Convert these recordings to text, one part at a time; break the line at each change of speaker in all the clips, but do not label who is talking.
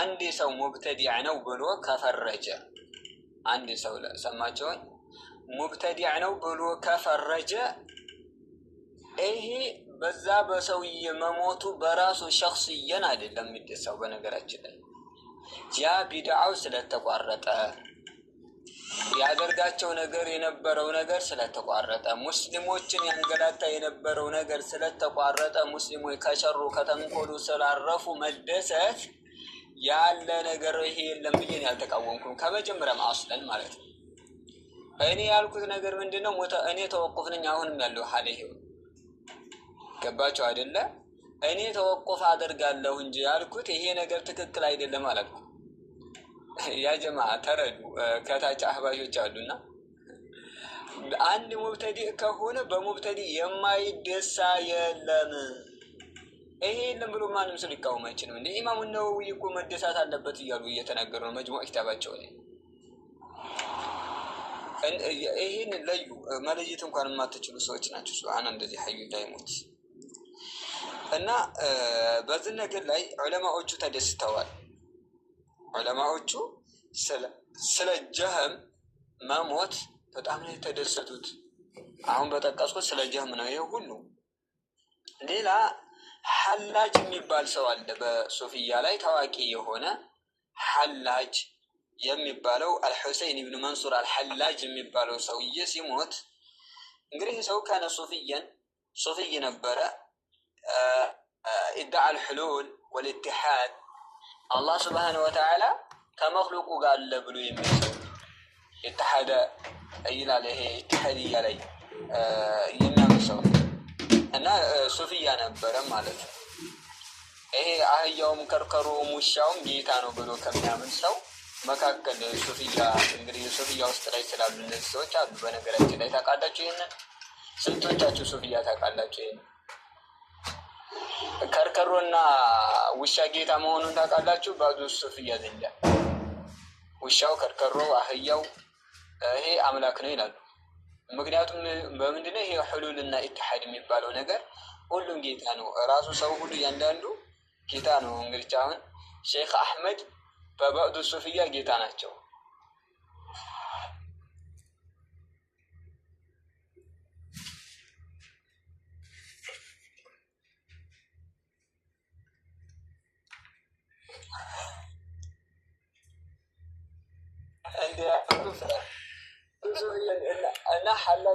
አንድ ሰው ሙብተዲዕ ነው ብሎ ከፈረጀ አንድ ሰው ሰማቸውን ሙብተዲዕ ነው ብሎ ከፈረጀ ይሄ በዛ በሰውዬ መሞቱ በራሱ ሸክስየን አይደለም የሚደሳው። በነገራችን ላይ ያ ቢድዓው ስለተቋረጠ ያደርጋቸው ነገር የነበረው ነገር ስለተቋረጠ ሙስሊሞችን ያንገላታ የነበረው ነገር ስለተቋረጠ ሙስሊሞች ከሸሩ ከተንኮሉ ስላረፉ መደሰት ያለ ነገር ይሄ የለም ብዬ ያልተቃወምኩም ከመጀመሪያም አስለን ማለት ነው። እኔ ያልኩት ነገር ምንድን ነው? እኔ ተወቁፍ ነኝ። አሁንም ያለው ሀለ ይሄው ገባቸው አይደለ? እኔ ተወቁፍ አደርጋለሁ እንጂ ያልኩት ይሄ ነገር ትክክል አይደለም ማለት ነው። ያ ጀማ ተረዱ። ከታች አህባሾች አሉና አንድ ሙብተዲ ከሆነ በሙብተዲ የማይደሳ የለም። ይሄንም ብሎ ማንም ሰው ሊቃወም አይችልም። እንደ ኢማሙ ነወዊ እኮ መደሳት አለበት እያሉ እየተናገሩ ነው። መጅሙዕ ኪታባቸው ይሄን ለዩ መለየት እንኳን የማትችሉ ሰዎች ናቸው። ሱብሃና እንደዚህ ሀዩ እንዳይሞት እና በዚህ ነገር ላይ ዑለማዎቹ ተደስተዋል። ዑለማዎቹ ስለ ጀህም መሞት በጣም ነው የተደሰቱት። አሁን በጠቀስኩት ስለ ጀህም ነው ይሄ ሁሉ ሌላ ሐላጅ የሚባል ሰው አለ። በሱፍያ ላይ ታዋቂ የሆነ ሐላጅ የሚባለው አልሑሰይን ብን መንሱር አልሐላጅ የሚባለው ሰውዬ ሲሞት እንግዲህ ሰው ከነ ሱፍየን ሱፍይ ነበረ። ኢዳ አልሕሉል ወልኢትሓድ አላህ ስብሓነ ወተዓላ ከመክሉቁ ጋር አለ ብሎ የሚሰው ኢትሓደ ይላል። ይሄ ኢትሓድያ ላይ የሚያምሰው እና ሱፍያ ነበረ ማለት ነው። ይሄ አህያውም ከርከሮውም ውሻውም ጌታ ነው ብሎ ከሚያምን ሰው መካከል ሱፍያ እንግዲህ ሱፍያ ውስጥ ላይ ስላሉ እነዚህ ሰዎች አሉ። በነገራችን ላይ ታውቃላችሁ፣ ይህንን ስንቶቻችሁ ሱፍያ ታውቃላችሁ? ይህንን ከርከሮና ውሻ ጌታ መሆኑን ታውቃላችሁ? ባዙ ሱፍያ ዘንዳ ውሻው ከርከሮ አህያው ይሄ አምላክ ነው ይላሉ። ምክንያቱም በምንድነው ይሄ ሕሉልና ኢትሓድ የሚባለው ነገር ሁሉም ጌታ ነው። ራሱ ሰው ሁሉ እያንዳንዱ ጌታ ነው። እንግዲህ አሁን ሼክ አሕመድ በባዕዱ ሱፍያ ጌታ ናቸው።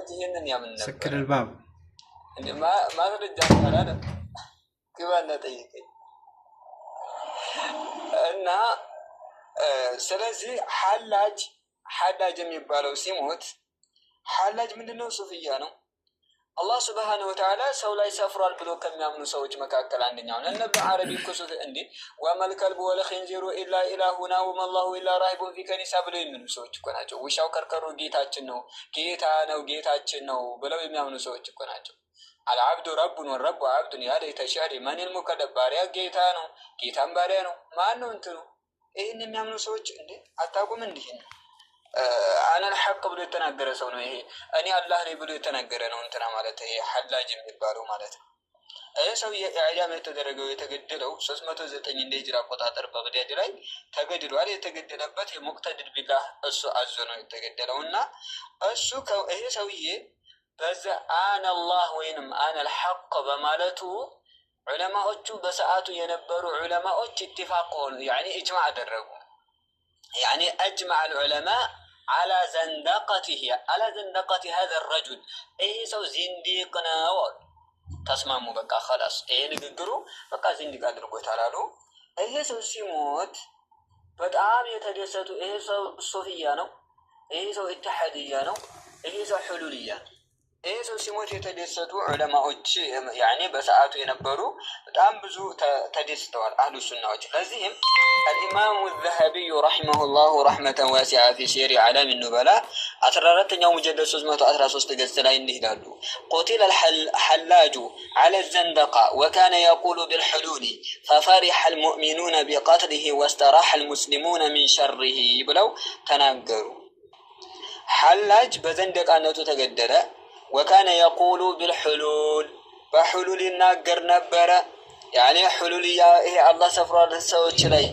ሰዎች ይህንን ያምን ነበር። ስክር ልባብ ማስረጃ እንኳን አለ ግባና ጠይቀኝ እና ስለዚህ ሐላጅ ሐላጅ የሚባለው ሲሞት ሐላጅ ምንድነው? ነው? ሱፍያ ነው። አላህ ስብሓነ ወተዓላ ሰው ላይ ሰፍሯል ብሎ ከሚያምኑ ሰዎች መካከል አንደኛው ነው። እነ በአረቢ ኮሶ እንዴ ወመልከልቡ ወለኸንዚሩ ኢላ ኢላሁና ወመላሁ ኢላ ራሂቡን ፊ ከኒሳ ብለው የሚሉ ሰዎች እኮ ናቸው። ውሻው ከርከሮ ጌታችን ነው ጌታ ነው ጌታችን ነው ብለው የሚያምኑ ሰዎች እኮ ናቸው። አልዓብዱ ረቡን ወረቡ አብዱን ያለ የተሻሪ መኒል ሙከደብ ባሪያ ጌታ ነው ጌታም ባሪያ ነው። ማን ነው እንትኑ? ይህን የሚያምኑ ሰዎች እንዴ አታውቁም? እንዲህ ነው አነል ሐቅ ብሎ የተናገረ ሰው ነው ይሄ። እኔ አላህ ነኝ ብሎ የተናገረ ነው እንትና ማለት ይሄ ሐላጅ የሚባለው ማለት ነው። ይህ ሰው ኢዕዳም የተደረገው የተገደለው ሶስት መቶ ዘጠኝ እንደ ሂጅራ አቆጣጠር በበዳድ ላይ ተገድሏል። የተገደለበት የሙቅተድድ ቢላህ እሱ አዞ ነው የተገደለው እና እሱ ይሄ ሰውዬ በዛ አነላህ ወይንም አነል ሐቅ በማለቱ ዑለማዎቹ በሰዓቱ የነበሩ ዑለማዎች ኢትፋቅ ሆኑ፣ ያኒ እጅማ አደረጉ። ያኒ አጅማዕ አልዑለማ على زندقته على زندقة هذا الرجل أي سو زندقنا وال تسمع مو بقى خلاص أي نقدرو بقى زندق أدرو قوي تعالو أي سو سيموت بتعام يتجسدو أي سو صوفيانو أي سو اتحاديانو أي سو حلوليانو ይህ ሰው ሲሞት የተደሰቱ ዑለማዎች ያኔ በሰዓቱ የነበሩ በጣም ብዙ ተደስተዋል አህሉ ሱናዎች። ለዚህም አልኢማሙ ዘሀቢዩ ረሒመሁላሁ ረሕመተን ዋሲዓ ፊ ሲሪ ዓላሚ ኑበላ አስራ አራተኛው ሙጀለድ ሶስት መቶ አስራ ሶስት ገጽ ላይ እንዲህ ይላሉ። ቁቲለ ሐላጁ ዐለ ዘንደቃ ወካነ የቁሉ ብልሕሉል ፈፈሪሐ ልሙእሚኑነ ቢቀትሊሂ ወስተራሐ ልሙስሊሙነ ሚን ሸርህ ብለው ተናገሩ። ሐላጅ በዘንደቃነቱ ተገደለ። وكان يقول بالحلول بحلول الناقر نبرة يعني حلول يا إيه الله سفر الله لي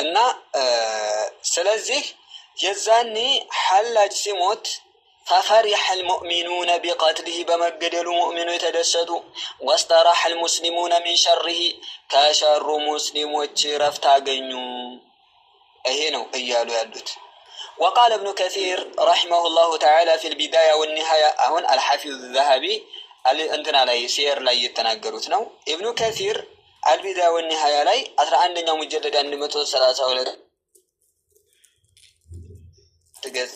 እና ስለዚህ የዛኒ ሐላጅ ሲሞት ፈፈሪሐ ልሙእሚኑነ ቢቀትልህ በመገደሉ ሙእሚኑ የተደሰቱ ወስተራሐ ልሙስሊሙነ ሚን ሸርህ ከሸሩ ሙስሊሞች ረፍት አገኙ ይሄ ነው እያሉ ያሉት وقال ابن كثير رحمه الله تعالى في البداية والنهاية أهون الحافظ الذهبي እንትና ላይ ሴር ላይ የተናገሩት ነው። ኢብኑ ከሲር አልቢዳ ወኒሃያ ላይ አስራ አንደኛው ሙጀለድ አንድ መቶ ሰላሳ ሁለት ገጽ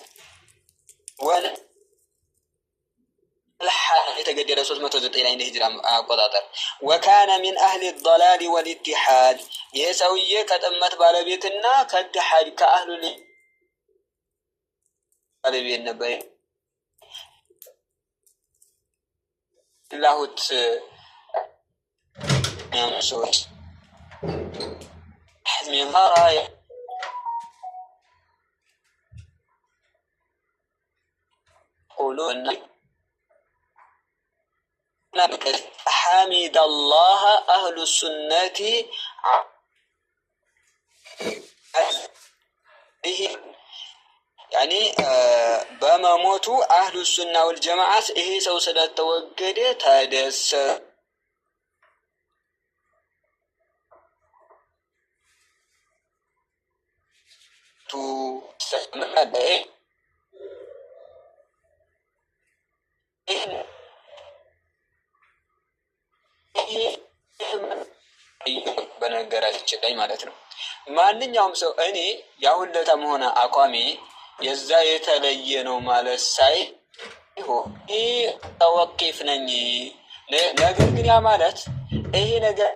وكان من أهل الضلال والاتحاد يسوي كتمة بالبيتنا كاتحاد كأهل النبي لاهوت يا مسوس من فرائض يقولون حمد الله أهل السنة يعني آه، بما موتوا أهل السنة والجماعة إيه سو سدات وقديت تو በነገራችን ላይ ማለት ነው። ማንኛውም ሰው እኔ የአሁለታም ሆነ አቋሜ የዛ የተለየ ነው ማለት ሳይ ሳይሆን ተወቂፍ ነኝ። ነገር ግን ያ ማለት ይሄ ነገር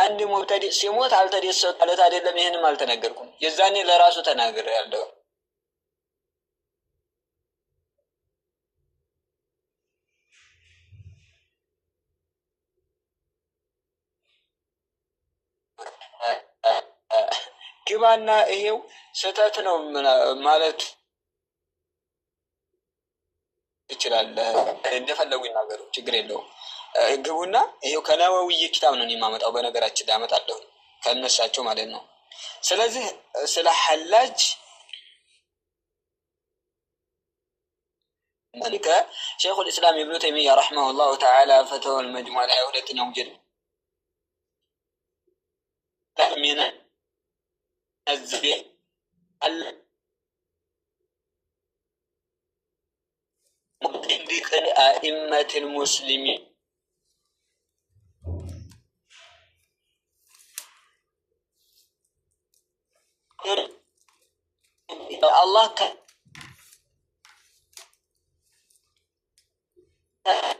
አንድ ሞብተዲ ሲሞት አልተደሰ ማለት አይደለም። ይህንም አልተነገርኩም። የዛኔ ለራሱ ተናግሬያለሁ። ግባና ይሄው ስህተት ነው ማለት ትችላለህ። እንደፈለጉ ይናገሩ፣ ችግር የለውም። ግቡና ይሄው ከነወውይ ኪታብ ነው የማመጣው። በነገራችን ላይ አመጣለሁ ከእነሳቸው ማለት ነው። ስለዚህ ስለ ሐላጅ ذلك شيخ الاسلام ابن تيميه رحمه الله تعالى فتوى المجموع ላይ ሁለተኛው ጀል ሚና الذئب أئمة المسلمين الله